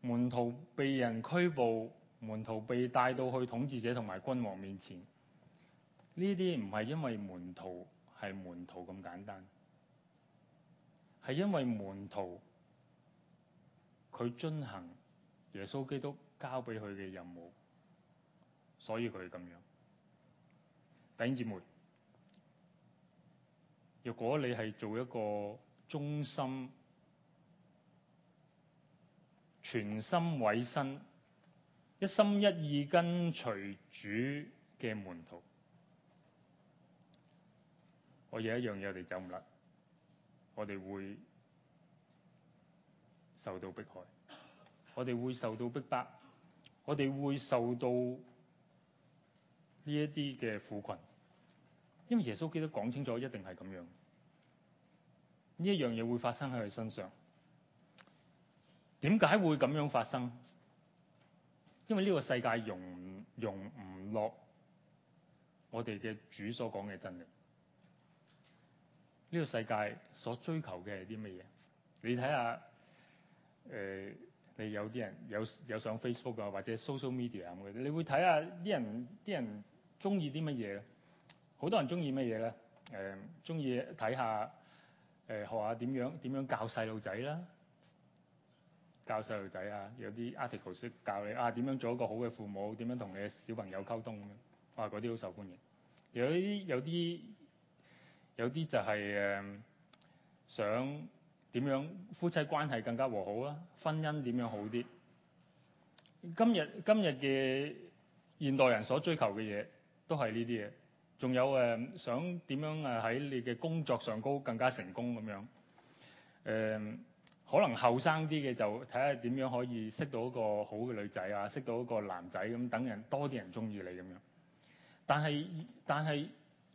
門徒被人拘捕，門徒被帶到去統治者同埋君王面前。呢啲唔係因為門徒係門徒咁簡單，係因為門徒佢遵行耶穌基督交俾佢嘅任務，所以佢咁樣。弟兄姊妹，若果你係做一個忠心、全心委身、一心一意跟隨主嘅門徒。我有一樣嘢，我哋走唔甩，我哋會受到迫害，我哋會受到迫迫，我哋會受到呢一啲嘅苦困，因為耶穌基督講清楚，一定係咁樣，呢一樣嘢會發生喺佢身上。點解會咁樣發生？因為呢個世界容容唔落我哋嘅主所講嘅真理。呢個世界所追求嘅係啲乜嘢？你睇下，誒、呃，你有啲人有有上 Facebook 啊，或者 social media 啊咁嘅，你會睇下啲人啲人中意啲乜嘢咧？好多人中意乜嘢咧？誒、呃，中意睇下誒、呃、學下點樣點樣教細路仔啦，教細路仔啊，有啲 article 識教你啊，點樣做一個好嘅父母，點樣同你嘅小朋友溝通咁樣，哇、啊，嗰啲好受歡迎。有啲有啲。有啲就係誒，想點樣夫妻關係更加和好啊，婚姻點樣好啲？今日今日嘅現代人所追求嘅嘢，都係呢啲嘢。仲有誒，想點樣誒喺你嘅工作上高更加成功咁樣誒？可能後生啲嘅就睇下點樣可以識到一個好嘅女仔啊，識到一個男仔咁，等人多啲人中意你咁樣。但係但係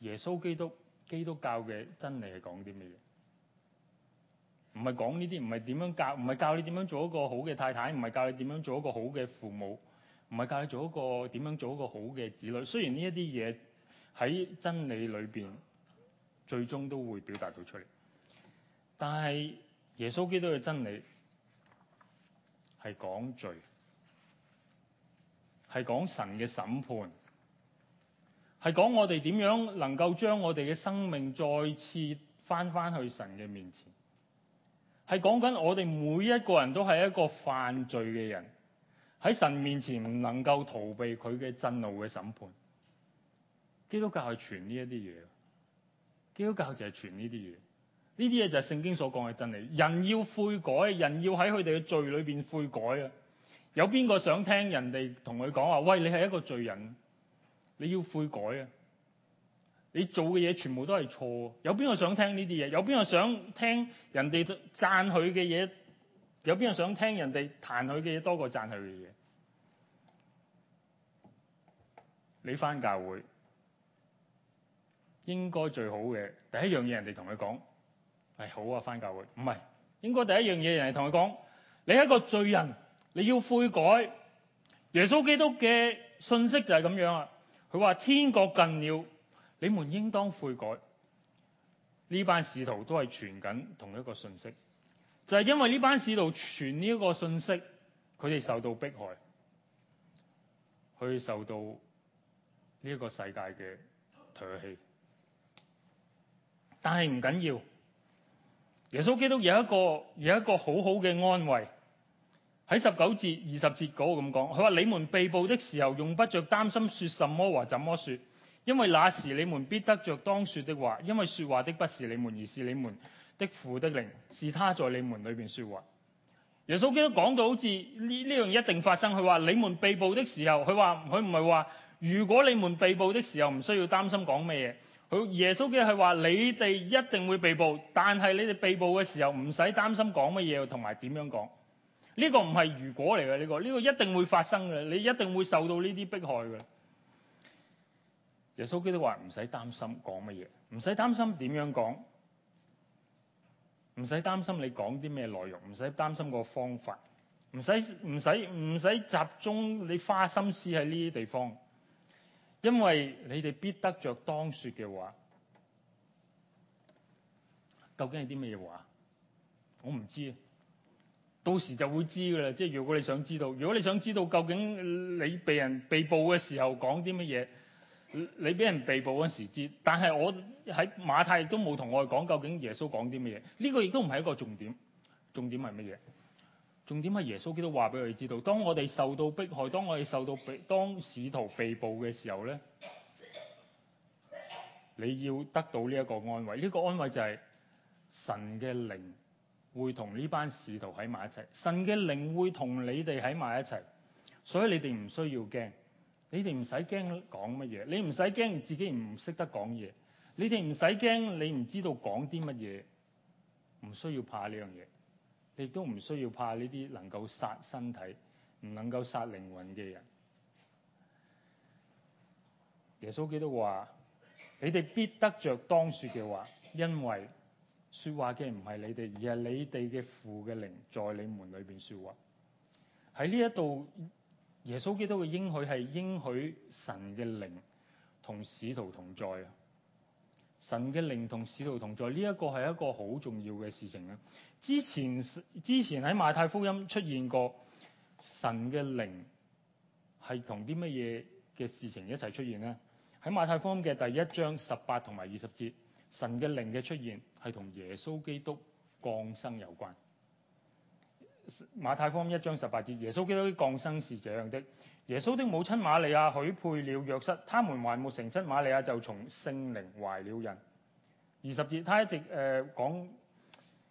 耶穌基督。基督教嘅真理係講啲乜嘢？唔係講呢啲，唔係點樣教，唔係教你點樣做一個好嘅太太，唔係教你點樣做一個好嘅父母，唔係教你做一個點樣做一個好嘅子女。雖然呢一啲嘢喺真理裏邊最終都會表達到出嚟，但係耶穌基督嘅真理係講罪，係講神嘅審判。係講我哋點樣能夠將我哋嘅生命再次返返去神嘅面前。係講緊我哋每一個人都係一個犯罪嘅人，喺神面前唔能夠逃避佢嘅震怒嘅審判。基督教係傳呢一啲嘢，基督教就係傳呢啲嘢。呢啲嘢就係聖經所講嘅真理。人要悔改，人要喺佢哋嘅罪裏邊悔改啊！有邊個想聽人哋同佢講話？喂，你係一個罪人。你要悔改啊！你做嘅嘢全部都係錯，有邊個想聽呢啲嘢？有邊個想聽人哋讚佢嘅嘢？有邊個想聽人哋彈佢嘅嘢多過讚佢嘅嘢？你翻教會應該最好嘅第一樣嘢，人哋同佢講係好啊！翻教會唔係應該第一樣嘢，人哋同佢講，你係一個罪人，你要悔改。耶穌基督嘅信息就係咁樣啊！佢話天國近了，你們應當悔改。呢班使徒都係傳緊同一個信息，就係因為呢班使徒傳呢一個信息，佢哋受到迫害，去受到呢一個世界嘅唾棄。但係唔緊要，耶穌基督有一個有一個好好嘅安慰。喺十九至二十節嗰度咁講，佢話你們被捕的時候，用不着擔心說什麼或怎麼說，因為那時你們必得着當說的話，因為說話的不是你們，而是你們的父的靈，是他在你們裏邊說話。耶穌基督講到好似呢呢樣一定發生，佢話你們被捕的時候，佢話佢唔係話如果你們被捕的時候唔需要擔心講乜嘢，佢耶穌基督係話你哋一定會被捕，但係你哋被捕嘅時候唔使擔心講乜嘢，同埋點樣講。呢個唔係如果嚟嘅，呢個呢個一定會發生嘅，你一定會受到呢啲迫害嘅。耶穌基督話唔使擔心講乜嘢，唔使擔心點樣講，唔使擔心你講啲咩內容，唔使擔心個方法，唔使唔使唔使集中你花心思喺呢啲地方，因為你哋必得着當說嘅話，究竟係啲乜嘢話？我唔知。到時就會知㗎啦，即係如果你想知道，如果你想知道究竟你被人被捕嘅時候講啲乜嘢，你俾人被捕嗰時知。但係我喺馬太都冇同我哋講究竟耶穌講啲乜嘢，呢個亦都唔係一個重點。重點係乜嘢？重點係耶穌基督話俾我哋知道，當我哋受到迫害，當我哋受到被當使徒被捕嘅時候咧，你要得到呢一個安慰。呢個安慰就係神嘅靈。會同呢班使徒喺埋一齊，神嘅靈會同你哋喺埋一齊，所以你哋唔需要驚，你哋唔使驚講乜嘢，你唔使驚自己唔識得講嘢，你哋唔使驚你唔知道講啲乜嘢，唔需要怕呢樣嘢，你都唔需要怕呢啲能夠殺身體、唔能夠殺靈魂嘅人。耶穌基督話：「你哋必得着當説嘅話，因為，說話嘅唔係你哋，而係你哋嘅父嘅靈在你們門裏邊說話。喺呢一度，耶穌基督嘅應許係應許神嘅靈同使徒同在啊！神嘅靈同使徒同在，呢、這個、一個係一個好重要嘅事情啊！之前之前喺馬太福音出現過神嘅靈係同啲乜嘢嘅事情一齊出現呢？喺馬太福音嘅第一章十八同埋二十節。神嘅靈嘅出現係同耶穌基督降生有關。馬太福音一章十八節，耶穌基督降生是這樣的：耶穌的母親馬利亞許配了約瑟，他們還沒成親，馬利亞就從聖靈懷了孕。」二十節，他一直誒講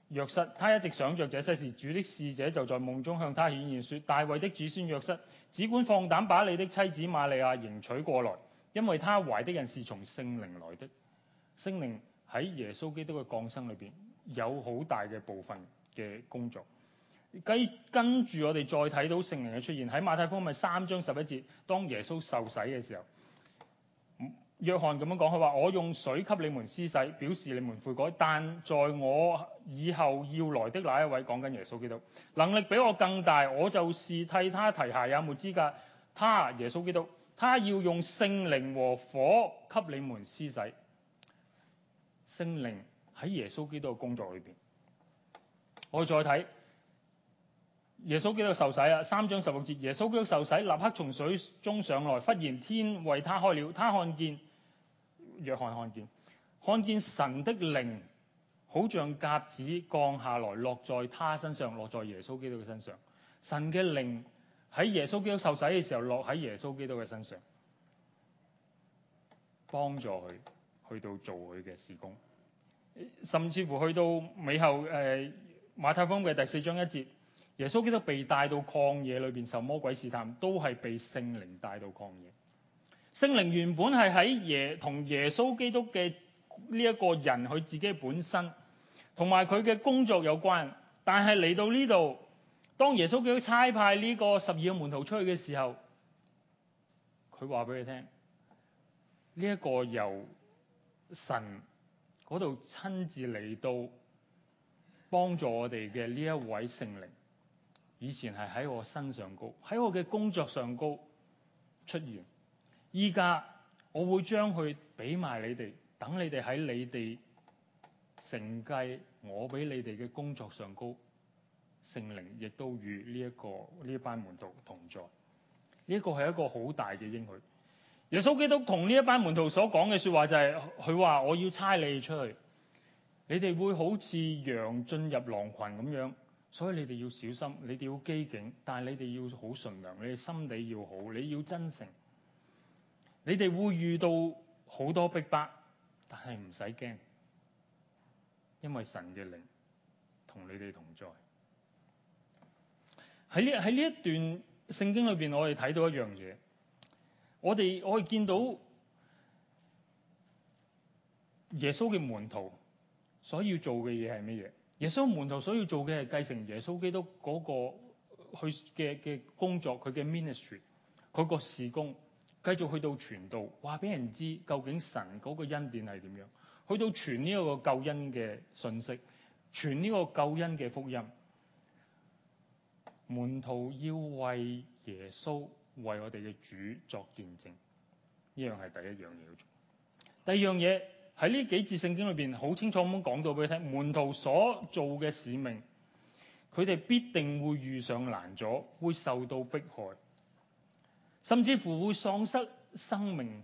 約瑟，他一直想着這些事。主的使者就在夢中向他顯現，説：大衛的子孫約瑟，只管放膽把你的妻子馬利亞迎娶過來，因為她懷的人是從聖靈來的，聖靈。喺耶穌基督嘅降生裏邊，有好大嘅部分嘅工作。咁跟住我哋再睇到聖靈嘅出現，喺馬太福音咪三章十一節，當耶穌受洗嘅時候，約翰咁樣講，佢話：我用水給你們施洗，表示你們悔改。但在我以後要來的那一位，講緊耶穌基督，能力比我更大，我就是替他提鞋，有冇資格？他耶穌基督，他要用聖靈和火給你們施洗。聖靈喺耶穌基督嘅工作裏邊，我再睇耶穌基督受洗啊，三章十六節，耶穌基督受洗，立刻從水中上來，忽然天為他開了，他看見，約翰看，看見，看見神的靈好像鴿子降下來，落在他身上，落在耶穌基督嘅身上，神嘅靈喺耶穌基督受洗嘅時候落喺耶穌基督嘅身上，幫助佢。去到做佢嘅事工，甚至乎去到尾後誒、呃、馬太福音嘅第四章一節，耶穌基督被帶到曠野裏邊受魔鬼試探，都係被聖靈帶到曠野。聖靈原本係喺耶同耶穌基督嘅呢一個人佢自己本身，同埋佢嘅工作有關，但係嚟到呢度，當耶穌基督差派呢個十二個門徒出去嘅時候，佢話俾佢聽呢一個由神度親自嚟到幫助我哋嘅呢一位聖靈，以前係喺我身上高，喺我嘅工作上高出現。依家我會將佢俾埋你哋，等你哋喺你哋承繼我俾你哋嘅工作上高，聖靈亦都與呢一個呢一班門徒同在，呢一個係一個好大嘅應許。耶穌基督同呢一班門徒所講嘅說話就係，佢話，我要差你出去，你哋會好似羊進入狼群咁樣，所以你哋要小心，你哋要機警，但係你哋要好純良，你哋心地要好，你要真誠，你哋會遇到好多逼迫，但係唔使驚，因為神嘅靈同你哋同在。喺呢喺呢一段聖經裏邊，我哋睇到一樣嘢。我哋可以見到耶穌嘅門徒所要做嘅嘢係咩嘢？耶穌門徒所要做嘅係繼承耶穌基督嗰個去嘅嘅工作，佢嘅 ministry，佢個事工，繼續去到傳道，話俾人知究竟神嗰個恩典係點樣去到傳呢一個救恩嘅信息，傳呢個救恩嘅福音。門徒要為耶穌。為我哋嘅主作見證，呢樣係第一樣嘢要做。第二樣嘢喺呢幾節聖經裏邊好清楚，我冇講到俾你聽。門徒所做嘅使命，佢哋必定會遇上難阻，會受到迫害，甚至乎會喪失生命。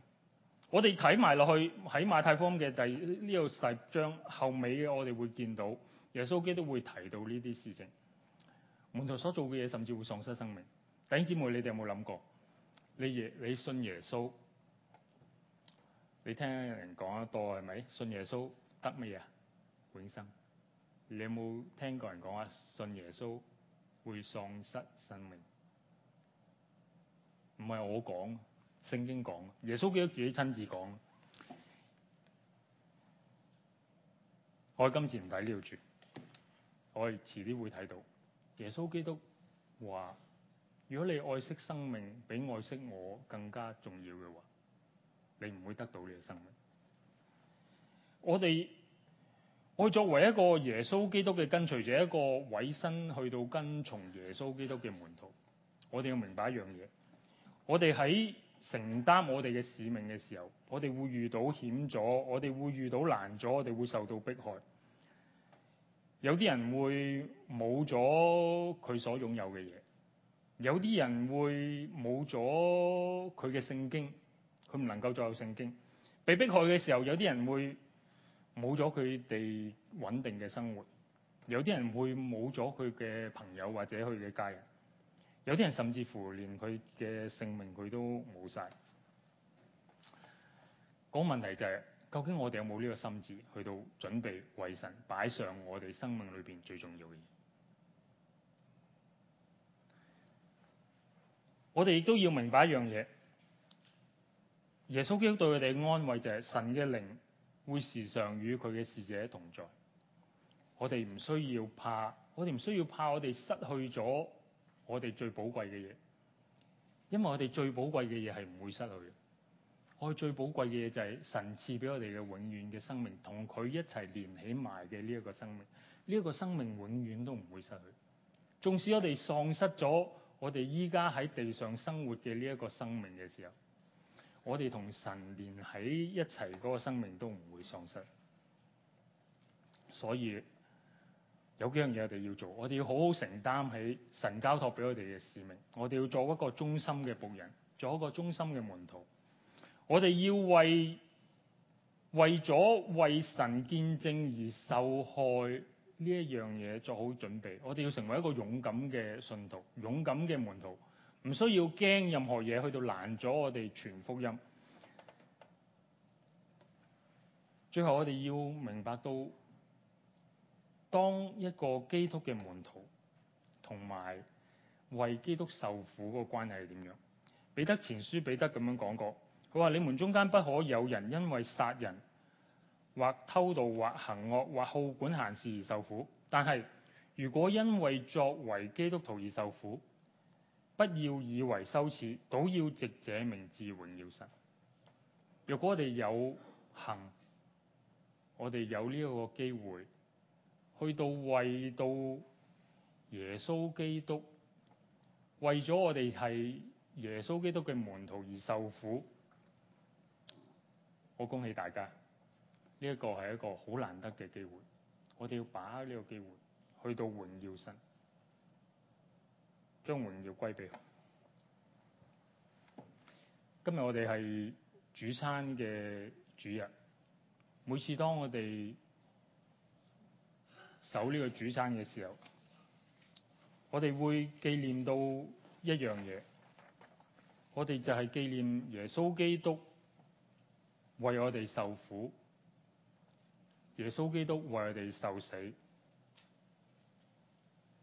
我哋睇埋落去喺馬太福音嘅第呢度十章後尾，我哋會見到耶穌基督會提到呢啲事情。門徒所做嘅嘢，甚至會喪失生命。弟兄姊妹，你哋有冇諗過？你耶，你信耶穌，你聽人講得多係咪？信耶穌得乜嘢？永生。你有冇聽過人講啊？信耶穌會喪失生命，唔係我講，聖經講，耶穌基督自己親自講。我今次唔睇呢度住，我哋遲啲會睇到。耶穌基督話。如果你愛惜生命，比愛惜我更加重要嘅話，你唔會得到你嘅生命。我哋，我作為一個耶穌基督嘅跟隨者，一個委身去到跟從耶穌基督嘅門徒，我哋要明白一樣嘢。我哋喺承擔我哋嘅使命嘅時候，我哋會遇到險阻，我哋會遇到難阻，我哋會受到迫害。有啲人會冇咗佢所擁有嘅嘢。有啲人會冇咗佢嘅聖經，佢唔能夠再有聖經。被逼害嘅時候，有啲人會冇咗佢哋穩定嘅生活，有啲人會冇咗佢嘅朋友或者佢嘅家人，有啲人甚至乎連佢嘅性命佢都冇晒。個問題就係、是，究竟我哋有冇呢個心志去到準備為神擺上我哋生命裏邊最重要嘅嘢？我哋亦都要明白一樣嘢，耶穌基督對佢哋嘅安慰就係神嘅靈會時常與佢嘅使者同在。我哋唔需要怕，我哋唔需要怕，我哋失去咗我哋最寶貴嘅嘢，因為我哋最寶貴嘅嘢係唔會失去。我哋最寶貴嘅嘢就係神賜俾我哋嘅永遠嘅生命，同佢一齊連起埋嘅呢一個生命，呢一個生命永遠都唔會失去。縱使我哋喪失咗，我哋依家喺地上生活嘅呢一個生命嘅時候，我哋同神連喺一齊嗰個生命都唔會喪失。所以有幾樣嘢我哋要做，我哋要好好承擔起神交託俾我哋嘅使命。我哋要做一個忠心嘅僕人，做一個忠心嘅門徒。我哋要為為咗為神見證而受害。呢一樣嘢做好準備，我哋要成為一個勇敢嘅信徒，勇敢嘅門徒，唔需要驚任何嘢去到攔阻我哋傳福音。最後，我哋要明白到，當一個基督嘅門徒同埋為基督受苦嗰個關係係點樣？彼得前書彼得咁樣講過，佢話：你們中間不可有人因為殺人，或偷盜，或行惡，或好管閒事而受苦。但係，如果因為作為基督徒而受苦，不要以為羞恥，倒要藉這名字榮耀神。若果我哋有幸，我哋有呢個機會，去到為到耶穌基督，為咗我哋係耶穌基督嘅門徒而受苦，我恭喜大家。呢一個係一個好難得嘅機會，我哋要把握呢個機會去到榮耀神，將榮耀歸俾佢。今日我哋係主餐嘅主日，每次當我哋守呢個主餐嘅時候，我哋會紀念到一樣嘢，我哋就係紀念耶穌基督為我哋受苦。耶穌基督為我哋受死。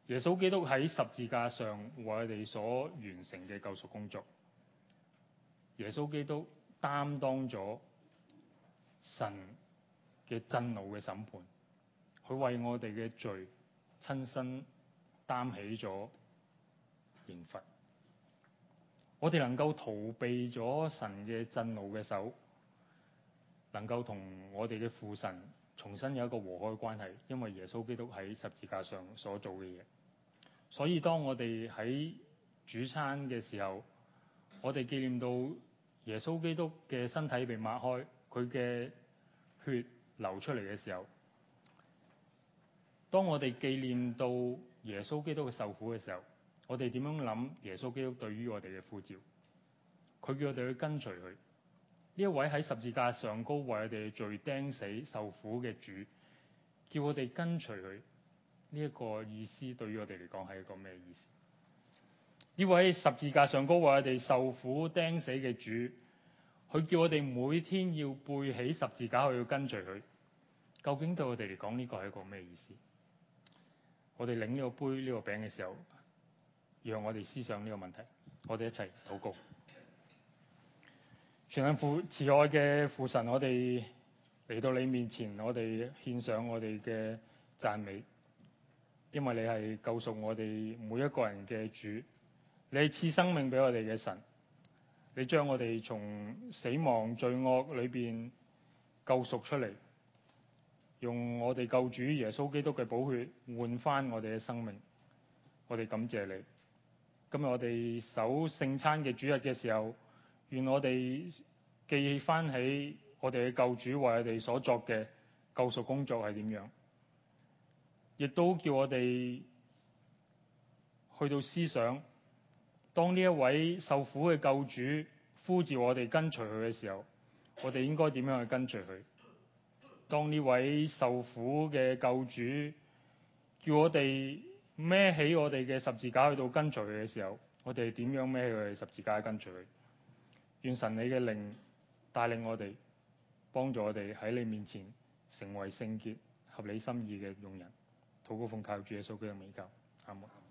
耶穌基督喺十字架上為我哋所完成嘅救贖工作，耶穌基督擔當咗神嘅震怒嘅審判，佢為我哋嘅罪親身擔起咗刑罰。我哋能夠逃避咗神嘅震怒嘅手，能夠同我哋嘅父神重新有一個和好嘅關係，因為耶穌基督喺十字架上所做嘅嘢。所以當我哋喺主餐嘅時候，我哋紀念到耶穌基督嘅身體被擘開，佢嘅血流出嚟嘅時候，當我哋紀念到耶穌基督嘅受苦嘅時候，我哋點樣諗耶穌基督對於我哋嘅呼召？佢叫我哋去跟隨佢。呢一位喺十字架上高為我哋罪釘死受苦嘅主，叫我哋跟隨佢呢一個意思，對於我哋嚟講係一個咩意思？呢位十字架上高為我哋受苦釘死嘅主，佢叫我哋每天要背起十字架去跟隨佢，究竟對我哋嚟講呢個係一個咩意思？我哋領呢個杯呢個餅嘅時候，讓我哋思想呢個問題，我哋一齊禱告。全能父慈愛嘅父神，我哋嚟到你面前，我哋獻上我哋嘅讚美，因為你係救贖我哋每一個人嘅主，你賜生命俾我哋嘅神，你將我哋從死亡罪惡裏邊救贖出嚟，用我哋救主耶穌基督嘅寶血換翻我哋嘅生命，我哋感謝你。今日我哋守聖餐嘅主日嘅時候，願我哋記翻起，起我哋嘅救主為我哋所作嘅救贖工作係點樣，亦都叫我哋去到思想，當呢一位受苦嘅救主呼召我哋跟隨佢嘅時候，我哋應該點樣去跟隨佢？當呢位受苦嘅救主叫我哋孭起我哋嘅十字架去到跟隨佢嘅時候，我哋點樣孭起佢十字架去跟隨佢？願神你嘅靈帶領我哋，幫助我哋喺你面前成為聖潔，合你心意嘅用人，禱告奉靠主耶穌基督嘅名求，阿門。